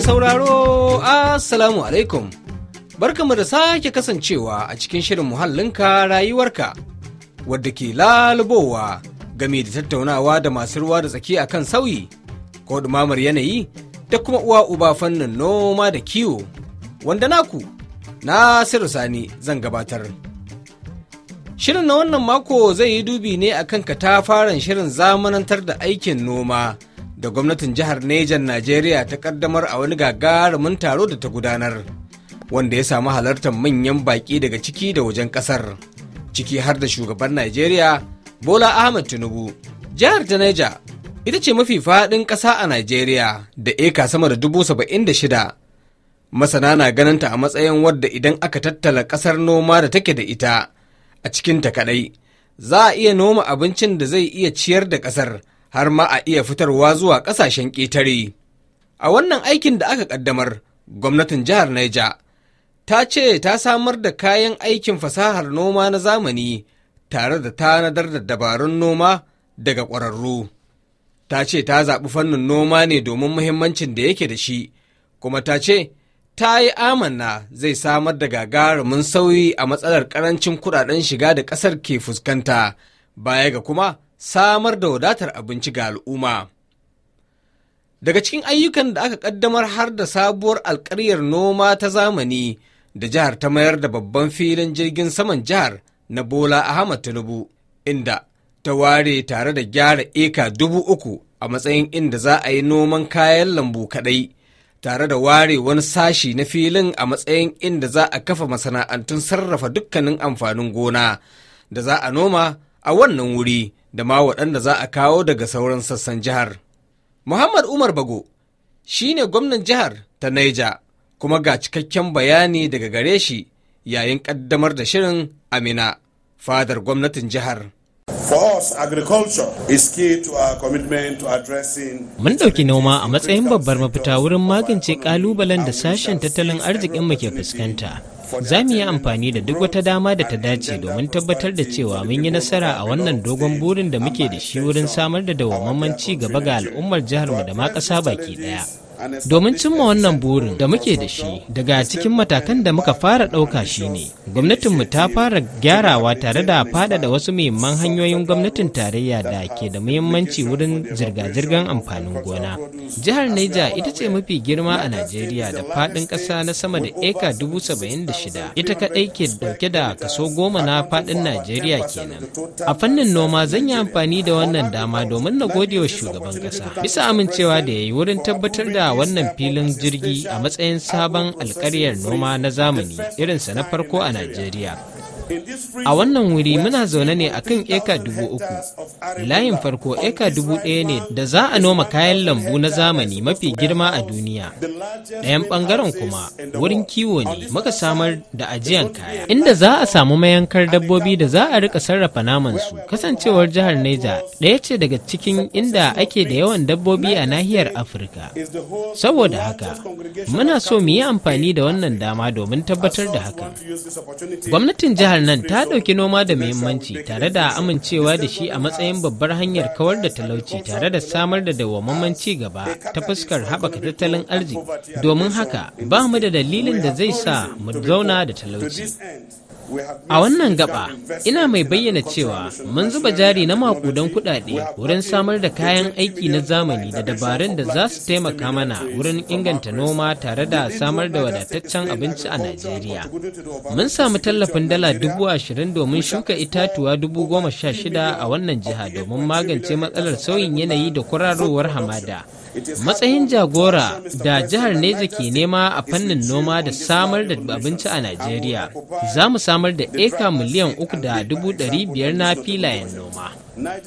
Mai sauraro, Assalamu alaikum. Barkamu da sake kasancewa a cikin shirin muhallinka rayuwarka, wadda ke lalubowa game da tattaunawa da masu ruwa da tsaki a kan sauyi, ko ɗumamar yanayi da kuma uwa uba fannin noma da kiwo, wanda naku, Nasiru Sani zan gabatar. Shirin na wannan mako zai yi dubi ne a akan katafaren shirin zamanantar da aikin noma. da gwamnatin jihar Nejan Najeriya ta kaddamar a wani gagarumin taro da ta gudanar wanda ya samu halartar manyan baƙi daga ciki da wajen ƙasar ciki har da shugaban Najeriya Bola Ahmed Tinubu. Jihar ta Neja ita ce mafi faɗin ƙasa a Najeriya da eka sama da dubu saba'in da shida. Masana na ganinta a matsayin wadda idan aka tattala ƙasar noma da take da ita a cikinta kaɗai za a iya noma abincin da zai iya ciyar da ƙasar. har ma a iya fitarwa zuwa ƙasashen ƙetare. A wannan aikin da aka ƙaddamar, gwamnatin jihar Naija, ta ce ta samar da kayan aikin fasahar noma na zamani tare da tanadar da dabarun noma daga ƙwararru. Ta ce ta zaɓi fannin noma ne domin muhimmancin da yake da shi, kuma ta ce ta yi amanna zai samar da gagarumin sauyi a matsalar ƙarancin kuɗaɗen shiga da ƙasar ke fuskanta, baya ga kuma samar da wadatar abinci ga al'umma. Daga cikin ayyukan da aka ƙaddamar har da sabuwar alƙaryar noma ta zamani da jihar ta mayar da babban filin jirgin saman jihar na Bola Ahmad Tinubu, inda ta ware tare da gyara eka dubu uku a matsayin inda za a yi noman kayan lambu kaɗai, tare da ware wani sashi na filin a matsayin inda za a kafa masana'antun sarrafa dukkanin amfanin gona da za a noma a wannan wuri da ma waɗanda za a kawo daga sauran sassan jihar. Muhammad Umar Bago shi ne gwamnan jihar ta Naija kuma ga cikakken bayani daga gare shi yayin ƙaddamar da shirin Amina, fadar gwamnatin jihar. Mun ɗauki noma a matsayin babbar mafita wurin magance ƙalubalen da sashen tattalin arzikinmu ke fuskanta. Za mu yi amfani da duk wata dama da ta dace domin tabbatar da cewa mun yi nasara a wannan dogon burin da muke da shi wurin samar da dawwammamen ci gaba ga al'ummar jihar mu da ma ƙasa baki ɗaya. Domin cimma wannan burin da muke da shi daga cikin matakan da muka fara ɗauka shi ne, gwamnatinmu ta fara gyarawa tare da faɗaɗa wasu muhimman hanyoyin gwamnatin tarayya da ke da muhimmanci wurin zirga-zirgar amfanin gona. Jihar Neja ita ce mafi girma a Najeriya da faɗin ƙasa na sama da eka dubu saba'in da shida, ita kaɗai ke ɗauke da kaso goma na faɗin Najeriya kenan. A fannin noma zan yi amfani da wannan dama domin na gode wa shugaban ƙasa bisa amincewa da ya yi wurin tabbatar da A wannan filin jirgi a matsayin sabon alkaryar noma na zamani irinsa na farko a Najeriya. A wannan wuri muna zaune ne a kan eka dubu uku. Layin farko eka dubu ɗaya ne da za a noma kayan lambu na zamani mafi girma a duniya. Ɗayan ɓangaren kuma wurin kiwo ne muka samar da ajiyan kaya. Inda za a samu mayankar dabbobi da za a rika sarrafa namansu. Kasancewar jihar Neja ɗaya ce daga cikin inda ake da yawan dabbobi a nahiyar Afirka. Saboda haka, muna so mu yi amfani da wannan dama domin tabbatar da hakan. Gwamnatin jihar Jihar nan ta ɗauki noma da muhimmanci tare da amincewa da shi a matsayin babbar hanyar kawar da talauci tare da samar da dawwammamen ci gaba ta fuskar haɓaka tattalin arziki. Domin haka ba mu da dalilin da zai sa mu zauna da talauci. A wannan gaba, ina mai bayyana cewa mun zuba jari na makudan kudade wurin samar da kayan aiki na zamani da dabarun da za su taimaka mana wurin inganta noma tare da samar da wadataccen abinci a Najeriya. Mun samu tallafin dala dubu ashirin domin shuka itatuwa dubu goma sha shida a wannan jiha domin magance matsalar sauyin yanayi da kwararowar hamada. Matsayin jagora da jihar Neja ke nema a fannin noma da samar da abinci a Najeriya, za mu samar da eka miliyan uku da dubu biyar na filayen noma.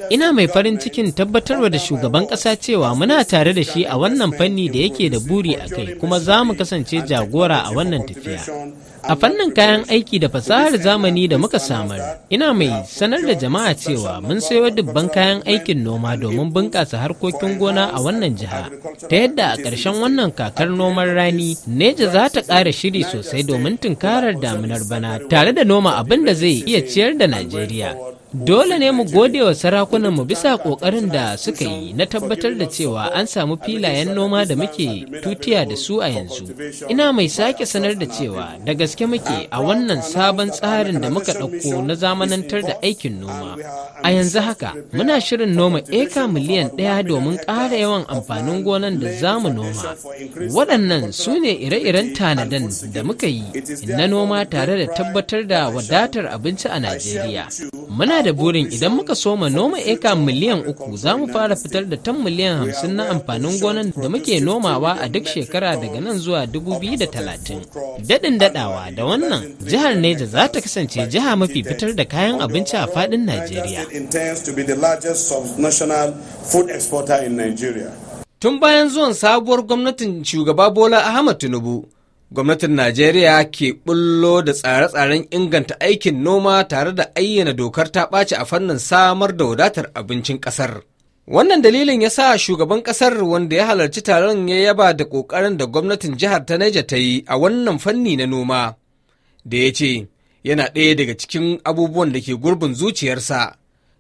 Ina mai farin cikin tabbatarwa da shugaban ƙasa cewa muna tare da shi a wannan fanni da yake da buri a kai kuma za mu kasance jagora a wannan tafiya. A fannin kayan aiki da fasahar zamani da muka samar, ina mai sanar da jama'a cewa mun sayo dubban kayan aikin noma domin bunƙasa harkokin gona a wannan jiha. Ta yadda a ƙarshen wannan kakar noman rani, Neja za ta ƙara shiri sosai domin tunkarar damunar bana tare da noma abin da zai iya ciyar da Najeriya. Dole ne mu gode wa sarakunan mu bisa ƙoƙarin da suka yi na tabbatar da cewa an samu filayen noma da muke tutiya da su a yanzu. Ina mai sake sanar da cewa da gaske muke a wannan sabon tsarin da muka ɗauko na zamanantar da aikin noma. A yanzu haka muna shirin noma eka miliyan ɗaya domin ƙara yawan amfanin gonan da za mu noma. Waɗannan su ne ire-iren tanadan da muka yi na noma tare da tabbatar da wadatar abinci a Najeriya. Muna da burin idan muka soma noma eka miliyan uku za mu fara fitar da tan miliyan hamsin na amfanin gonan da muke nomawa a duk shekara daga nan zuwa dubu biyu da talatin. Daɗin daɗawa da wannan jihar Neja za ta kasance jiha mafi fitar da kayan abinci a fadin Najeriya. Tun bayan zuwan sabuwar gwamnatin shugaba Bola Ahmad Tinubu, gwamnatin Najeriya ke bullo da tsare-tsaren inganta aikin noma tare da ayyana dokar ta ɓaci a fannin samar da wadatar abincin ƙasar. Wannan dalilin ya sa shugaban ƙasar wanda ya halarci taron ya yaba da ƙoƙarin da gwamnatin jihar ta Neja ta yi a wannan fanni na noma, da ya ce yana ɗaya daga cikin abubuwan da ke gurbin zuciyarsa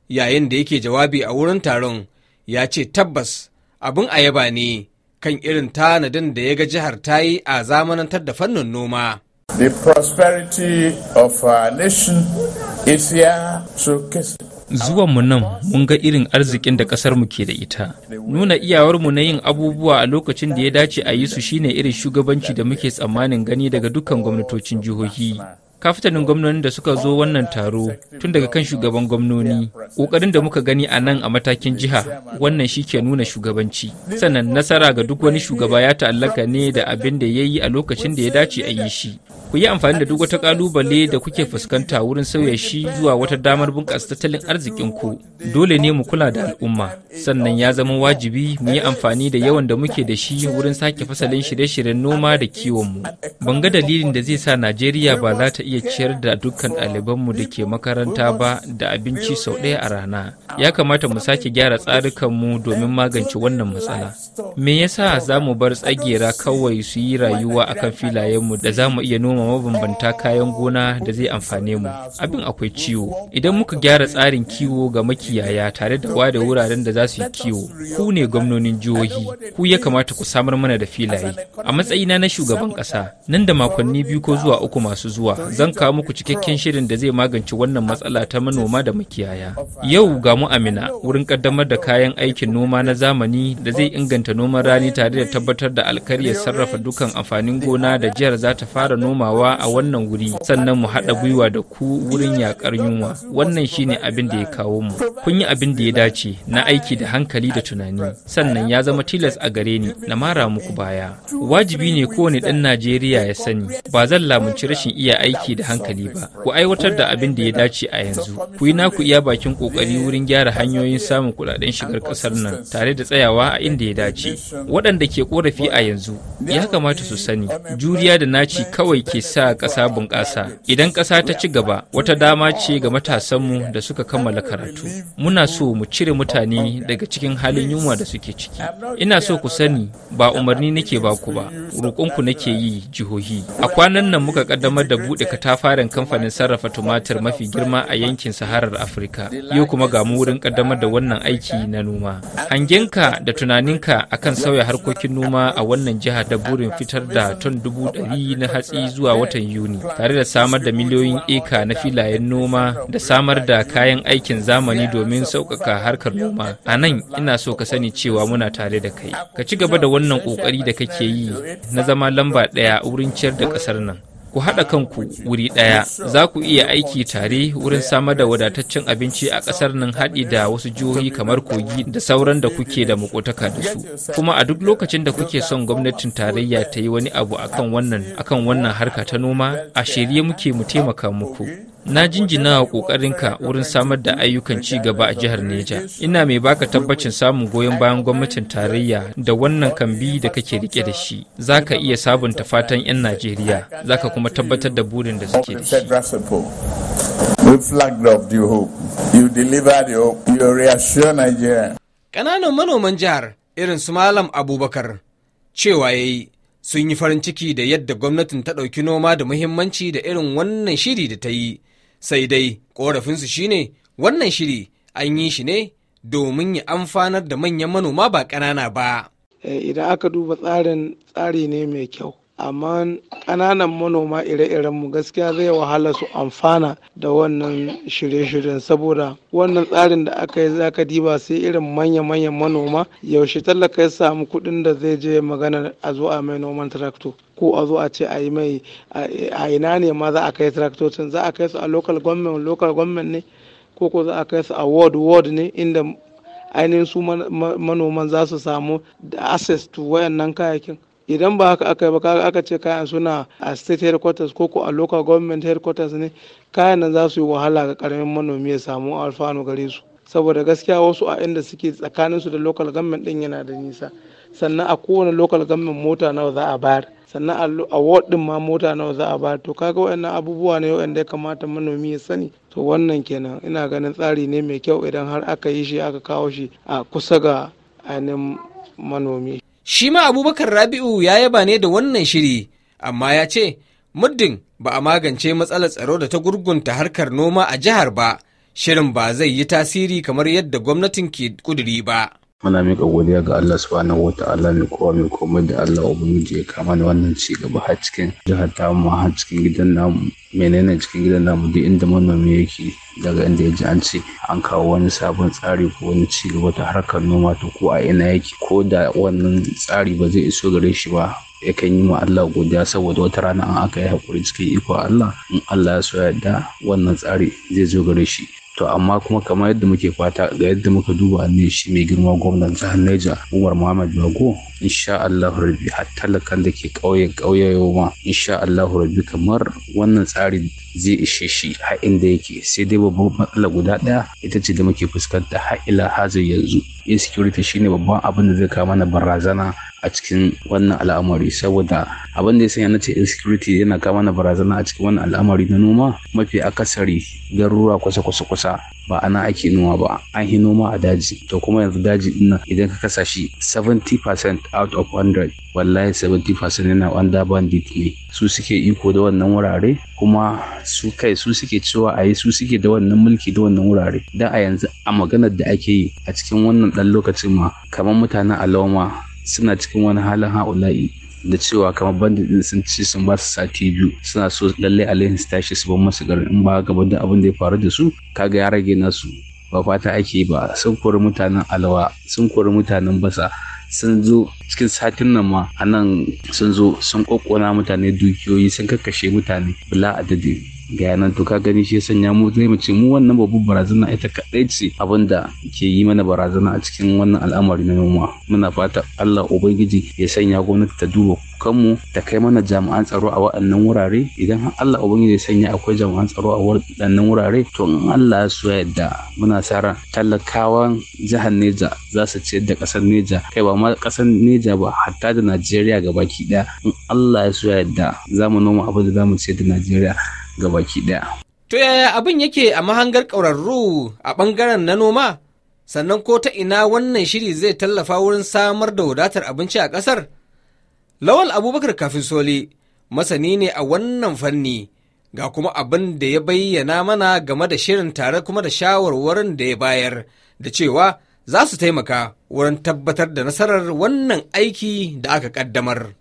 yayin da yake jawabi a wurin taron ya ce tabbas abin a yaba ne kan irin tanadin da ya ga jihar ta yi a zamanantar da fannin noma. The prosperity of our nation is here to Zuwan mu nan mun ga irin arzikin da ƙasarmu ke da ita nuna iyawarmu na yin abubuwa a lokacin da ya dace a yi su shine irin shugabanci da muke tsammanin gani daga dukkan gwamnatocin jihohi kafitanin gwamnonin da suka zo wannan taro tun daga kan shugaban gwamnoni ƙoƙarin da muka gani a nan a matakin jiha wannan shi ke nuna shugabanci sannan nasara ga duk wani shugaba ya ta'allaka ne da abin da ya yi a lokacin da ya dace a yi shi ku yi amfani da duk wata kalubale da kuke fuskanta wurin sauya shi zuwa wata damar bunƙasa tattalin arzikin ku dole ne mu kula da al'umma sannan ya zama wajibi mu yi amfani da yawan da muke da shi wurin sake fasalin shirye-shiryen noma da kiwon mu ban ga dalilin da zai sa Najeriya ba za ta iya ciyar da dukkan ɗalibanmu da ke makaranta ba da abinci sau ɗaya a rana ya kamata mu sake gyara tsarukanmu domin magance wannan matsala me yasa za mu bar tsagera kawai su yi rayuwa akan filayenmu da za mu iya noma girmama mabambanta kayan gona da zai amfane mu abin akwai ciwo idan muka gyara tsarin kiwo ga makiyaya tare da ware wuraren da za su yi kiwo ku ne gwamnonin jihohi ku ya kamata ku samar mana da filaye a matsayina na shugaban kasa nan da makonni biyu ko zuwa uku masu zuwa zan kawo muku cikakken shirin da zai magance wannan matsala ta manoma da makiyaya yau ga mu amina wurin kaddamar da kayan aikin noma na zamani da zai inganta noman rani tare da tabbatar da alkariyar sarrafa dukan amfanin gona da jihar za ta fara nomawa komawa a wannan wuri sannan mu haɗa gwiwa da ku wurin yakar yunwa wannan shine abin da ya kawo mu kun yi abin da ya dace na aiki da hankali da tunani sannan ya zama tilas a gare ni na mara muku baya wajibi ne kowane ɗan najeriya ya sani ba zan lamunci rashin iya aiki da hankali ba ku aiwatar da abin da ya dace a yanzu ku yi naku iya bakin kokari wurin gyara hanyoyin samun kuɗaɗen shigar ƙasar nan tare da tsayawa a inda ya dace waɗanda ke korafi a yanzu ya kamata su sani juriya da naci kawai ke sa ƙasa bunƙasa. Idan ƙasa ta ci gaba, wata dama ce ga matasanmu da suka kammala karatu. Muna so mu cire mutane daga cikin halin yunwa da suke ciki. Ina so ku sani ba umarni nake ba ku ba, roƙonku nake yi jihohi. A kwanan nan muka kaddamar da buɗe katafaren kamfanin sarrafa tumatir mafi girma a yankin Saharar Afirka. Yau kuma ga mu wurin kaddamar da wannan aiki na noma. Hangenka da tunanin ka akan sauya harkokin noma a wannan jiha da burin fitar da ton dubu ɗari na hatsi zuwa zuwa watan Yuni tare da samar da miliyoyin eka na filayen noma da samar da kayan aikin zamani domin sauƙaƙa harkar noma. A nan ina so ka sani cewa muna tare da kai. Ka ci gaba da wannan ƙoƙari da kake yi na zama lamba ɗaya wurin ciyar da ƙasar nan. ku haɗa kanku wuri ɗaya za ku iya aiki tare wurin samar da wadataccen abinci a ƙasar nan haɗi da wasu jihohi kamar kogi da sauran da kuke da makotaka da su kuma a duk lokacin da kuke son gwamnatin tarayya ta yi wani abu akan wannan akan wannan harka ta noma a shirye muke mu taimaka muku na jinjina wa ƙoƙarinka wurin samar da ayyukan ci gaba a jihar Neja. Ina mai baka tabbacin samun goyon bayan gwamnatin tarayya da wannan kambi da kake rike da shi. Za ka iya sabunta fatan 'yan Najeriya, za ka kuma tabbatar da burin da suke da shi. Ƙananan manoman jihar irin su Malam Abubakar cewa ya yi sun yi farin ciki da yadda gwamnatin ta ɗauki noma da muhimmanci da irin wannan shiri da ta yi. sai dai ƙorafinsu shine wannan shiri an yi shi ne domin ya amfanar da manyan manoma ba ƙanana ba. Eh, idan aka duba tsarin tsari ne mai kyau amma ƙananan manoma ire-iren mu gaskiya zai wahala su amfana da wannan shirye-shiryen saboda wannan tsarin da aka yi za ka diba sai irin manya-manyan manoma yaushe tallaka ya samu kuɗin da zai je magana a zo a mai noman tractor ko a zo a ce a yi mai a ina ne ma za a kai traktocin za a kai su a local government local government ne ko ko za a kai su a ward ward ne inda ainihin su manoman za su samu access to wayannan kayakin idan ba haka aka yi ba kaga aka ce kayan suna a state headquarters ko ko a local government headquarters ne kayan nan za su yi wahala ga karamin manomi ya samu alfanu gare su saboda gaskiya wasu a inda suke tsakanin su da local government din yana da nisa sannan a kowane local government mota nawa za a bayar sannan a ward din ma mota nawa za a bayar to kaga wayannan abubuwa ne wayanda ya kamata manomi ya sani to wannan kenan ina ganin tsari ne mai kyau idan har aka yi shi aka kawo shi a kusa ga ainihin manomi Shi ma Abubakar Rabi'u ya yaba ne da wannan shiri, amma ya ce, muddin ba a magance matsalar tsaro da ta gurgunta harkar noma a jihar ba, shirin ba zai yi tasiri kamar yadda gwamnatin ke kuduri ba. muna miƙa godiya ga Allah subhanahu ta'ala mai kowa mai komai da Allah ubangiji ya kama da wannan ci gaba har cikin jihar tamu har cikin gidan namu menene cikin gidan namu duk inda manomi yake daga inda ya ji an ce an kawo wani sabon tsari ko wani ci gaba ta harkar noma ta ko a ina yake ko da wannan tsari ba zai iso gare shi ba yakan yi ma Allah godiya saboda wata rana an aka yi haƙuri cikin iko Allah in Allah ya so yadda wannan tsari zai zo gare shi to amma kuma kamar yadda muke fata ga yadda muka duba ne shi mai girma gwamnan jihar Neja Umar Muhammad Bago insha Allah rabbi talakan da ke ƙauyen ƙauyayo ma insha allahu rabbi kamar wannan tsari zai ishe shi har inda yake sai dai babban matsala guda ɗaya ita ce da muke fuskanta har ila yanzu! yanzu insecurity shine babban abin da zai kawo mana barazana a cikin wannan al'amari saboda abin da ya sanya na ce insecurity yana kama na barazana a cikin wannan al'amari na noma mafi akasari garuruwa kusa kusa kusa ba ana ake noma ba an yi noma a daji to kuma yanzu daji din idan ka kasa shi 70% out of 100 wallahi 70% yana wanda bandit ne su suke iko da wannan wurare kuma su kai su suke cewa a yi su suke da wannan mulki da wannan wurare da a yanzu a maganar da ake yi a cikin wannan dan lokacin ma kamar mutanen aloma suna cikin wani halin ha'ula'i da cewa kamar bandit din sun ci sun ba su sati biyu suna so lallai alaihin su tashi su ban masu garin in ba gaban da abin da ya faru da su kaga ya rage nasu ba fata ake ba sun kori mutanen alawa sun kori mutanen basa sun zo cikin satin nan ma a nan sun zo sun kokona mutane dukiyoyi sun kakkashe mutane bila adadi ga yanan to ka gani shi ya sanya mu zai mu ce mu wannan babban barazana ita kaɗai ce abinda ke yi mana barazana a cikin wannan al'amari na noma muna fata Allah ubangiji ya sanya gwamnati ta duba kanmu ta kai mana jami'an tsaro a waɗannan wurare idan Allah ubangiji ya sanya akwai jami'an tsaro a waɗannan wurare to in Allah ya so yadda muna sa ran talakawan jihar Neja za su ciyar da ƙasar Neja kai ba ma ƙasar Neja ba hatta da Najeriya gabaki ɗaya in Allah ya so yadda za noma abin da za mu ciyar da Najeriya ga baki To yaya abin yake a mahangar ƙwararru a ɓangaren na noma? Sannan ko ta ina wannan shiri zai tallafa wurin samar da wadatar abinci a ƙasar? Lawal Abubakar Kafin Soli masani ne a wannan fanni ga kuma abin da ya bayyana mana game da shirin tare kuma da shawarwarin da ya bayar da cewa za su taimaka wurin tabbatar da nasarar wannan aiki da aka ƙaddamar.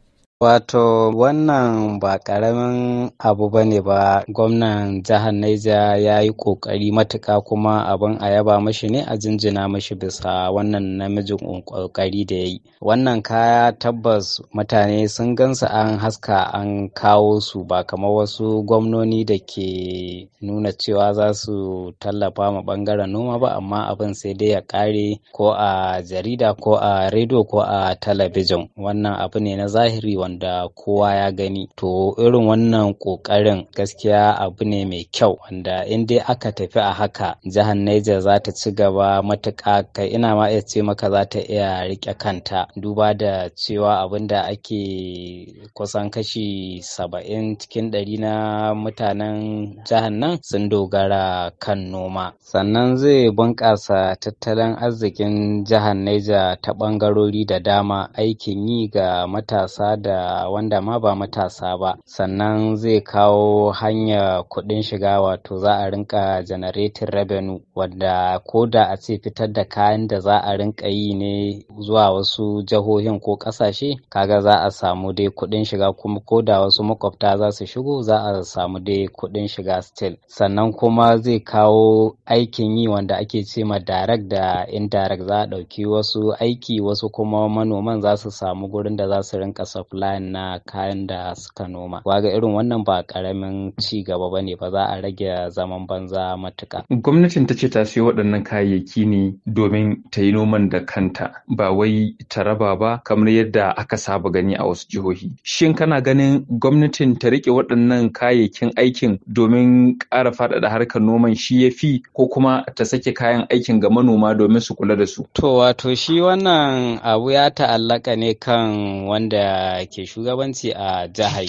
Wato wannan ba ƙaramin abu ba ne ba gwamnan jihar Naija ya yi ƙoƙari matuka kuma abin a yaba mashi ne a jinjina mashi bisa wannan namijin ƙoƙari da ya yi. Wannan kaya tabbas mutane sun gansa an haska an kawo su ba kamar wasu gwamnoni da ke nuna cewa za su tallafa ma ɓangaren noma ba amma abin sai dai ya ƙare ko a jarida ko a rediyo ko a talabijin wannan abu ne na zahiri wanda kowa ya gani to irin wannan ƙoƙarin gaskiya abu ne mai kyau wanda in dai aka tafi a haka jihar Niger za ta ci gaba matuƙa kai ina ma iya ce maka za ta iya rike kanta duba da cewa abin da ake kusan kashi saba'in cikin ɗari na mutanen jihar nan sun dogara kan noma sannan zai bunƙasa tattalin arzikin jihar Niger ta ɓangarori da dama aikin yi ga matasa da wanda ma ba matasa ba sannan zai kawo hanya kuɗin shiga wato za a rinka janaretin revenue wanda ko da a ce fitar da kayan da za a rinka yi ne zuwa wasu jihohin ko ƙasashe kaga za a samu dai kuɗin shiga kuma ko da wasu makwabta za su shigo za a samu dai kuɗin shiga still sannan kuma zai kawo aikin yi wanda ake ce ma direct da indirect za a ɗauki wasu aiki wasu kuma manoman za su samu gurin da za su rinka supply Bayan na kayan da suka noma waga irin wannan ba karamin ci gaba ba ne ba za a rage zaman banza matuka gwamnatin ta ce ta siyo waɗannan kayayyaki ne domin ta yi noman da kanta ba wai ta raba ba kamar yadda aka saba gani a wasu jihohi shin kana ganin gwamnatin ta rike waɗannan kayayyakin aikin domin ƙara faɗaɗa harkar noman shi ya fi ko kuma ta sake kayan aikin ga manoma domin su kula da su to wato shi wannan abu ya ta'allaka ne kan wanda ke shugabanci a jihar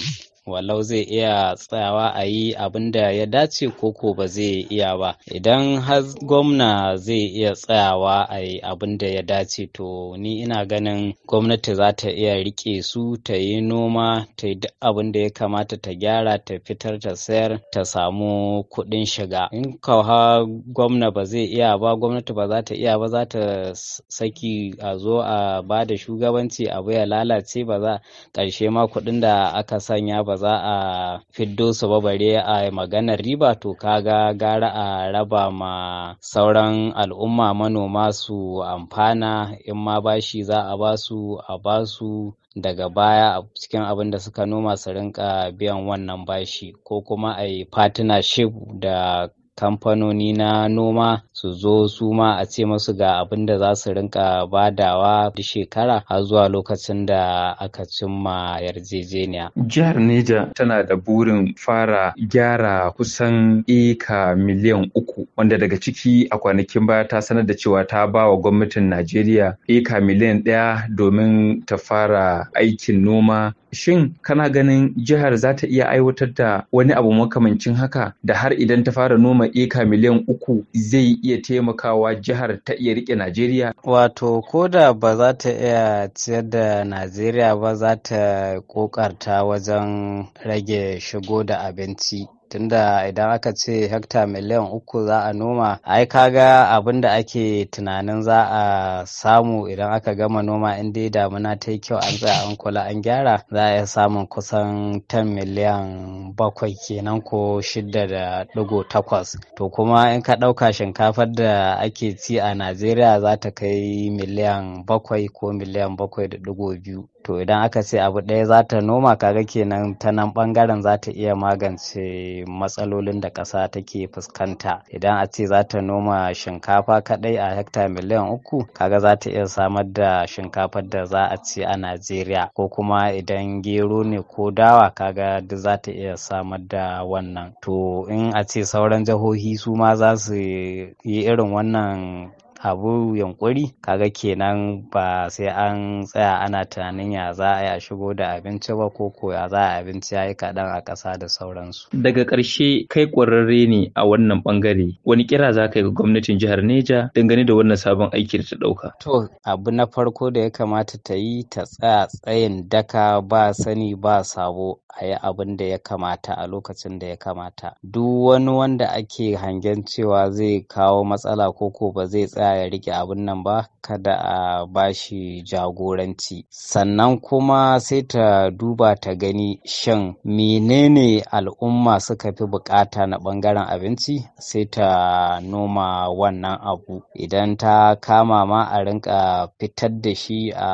walau zai iya tsayawa a yi abin da ya dace koko ba zai iya ba idan har gwamna zai iya tsayawa a yi abin da ya dace to ni ina ganin gwamnati za ta iya rike su ta yi noma ta yi duk abin da ya kamata ta gyara ta fitar ta sayar ta samu kuɗin shiga in kawa gwamna ba zai iya ba gwamnati ba za ta iya ba za ta saki a zo a ba da shugabanci abu ya lalace ba za ƙarshe ma kuɗin da aka sanya ba ba za a fiddo su ba bare a maganar riba to kaga gara a raba ma sauran al'umma manoma su amfana in ma bashi za a basu a basu daga baya a cikin abin da suka noma su rinka biyan wannan bashi ko kuma a yi partnership da kamfanoni na noma su zo su ma a ce masu ga abin da za su rinka badawa da shekara har zuwa lokacin da aka cimma yarjejeniya. Jihar Neja tana da burin fara gyara kusan eka miliyan uku wanda daga ciki a kwanakin baya ta sanar da cewa ta ba wa gwamnatin Najeriya eka miliyan ɗaya domin ta fara aikin noma shin kana ganin jihar za ta iya aiwatar da wani abu makamancin haka da har idan ta fara noma eka miliyan uku zai iya taimakawa jihar ta iya rike Najeriya? Wato, ko da ba za ta iya ciyar da Najeriya ba za ta kokarta wajen rage shigo da abinci tunda idan aka ce hekta miliyan uku za a noma ai kaga abin da ake tunanin za a samu idan aka gama noma in dai damuna ta yi kyau an tsaya an kula an gyara za a iya samun kusan 10 miliyan bakwai kenan ko shida da digo takwas to kuma in ka ɗauka shinkafar da ake ci a najeriya za ta kai miliyan bakwai ko miliyan bakwai da digo biyu to idan aka ce abu ɗaya za ta noma kaga kenan ta nan ɓangaren za ta iya magance matsalolin da ƙasa take fuskanta idan a ce za ta noma shinkafa kaɗai a hekta miliyan uku kaga za ta iya samar da shinkafar da za a ci a najeriya ko kuma idan gero ne ko dawa kaga duk za ta iya samar da wannan to in a ce sauran jihohi su ma za su yi irin wannan abu yankuri, kaga kenan ba sai an tsaya ana tunanin ya za a yi a shigo da abinci ba ko ko ya za a abinci ya yi kaɗan a ƙasa da sauransu. Daga ƙarshe kai ƙwararre ne a wannan ɓangare wani kira za ka yi ga gwamnatin jihar Neja dangane da wannan sabon aiki da ta ɗauka. To abu na farko da ya kamata ta yi ta tsaya tsayin daka ba sani ba sabo a yi abin da ya kamata a lokacin da ya kamata. Duk wani wanda ake hangen cewa zai kawo matsala ko ko ba zai tsaya ya rike abin nan ba kada a bashi jagoranci sannan kuma sai ta duba ta gani shan menene al'umma suka fi bukata na bangaren abinci sai ta noma wannan abu idan ta kama ma a rinka fitar da shi a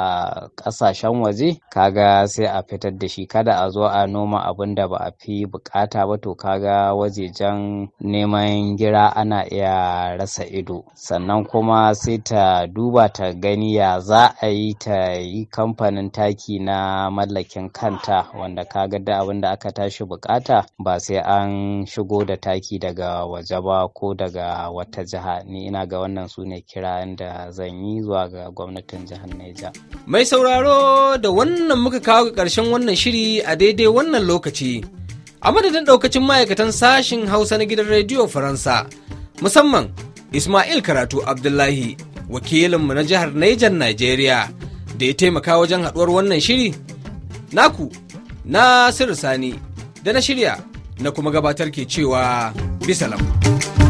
kasashen waje kaga sai a fitar da shi kada a zo a noma abin da ba a fi bukata ba to kaga wajejen neman gira ana iya rasa ido sannan kuma kuma sai ta duba ta gani ya za a yi ta yi kamfanin taki na mallakin kanta wanda ka ga da abin da aka tashi bukata ba sai an shigo da taki daga waje ba ko daga wata jiha ni ina ga wannan su ne kira, da zan yi zuwa ga gwamnatin jihar Neja. Mai sauraro da wannan muka kawo ga ƙarshen wannan shiri a daidai wannan lokaci. A madadin ɗaukacin ma'aikatan sashin Hausa na gidan Rediyo Faransa, musamman Ismail Karatu Abdullahi, wakilinmu na jihar Niger Najeriya, da ya taimaka wajen haɗuwar wannan shiri. Naku, Nasiru Sani, da na shirya, na kuma gabatar ke cewa bisalam.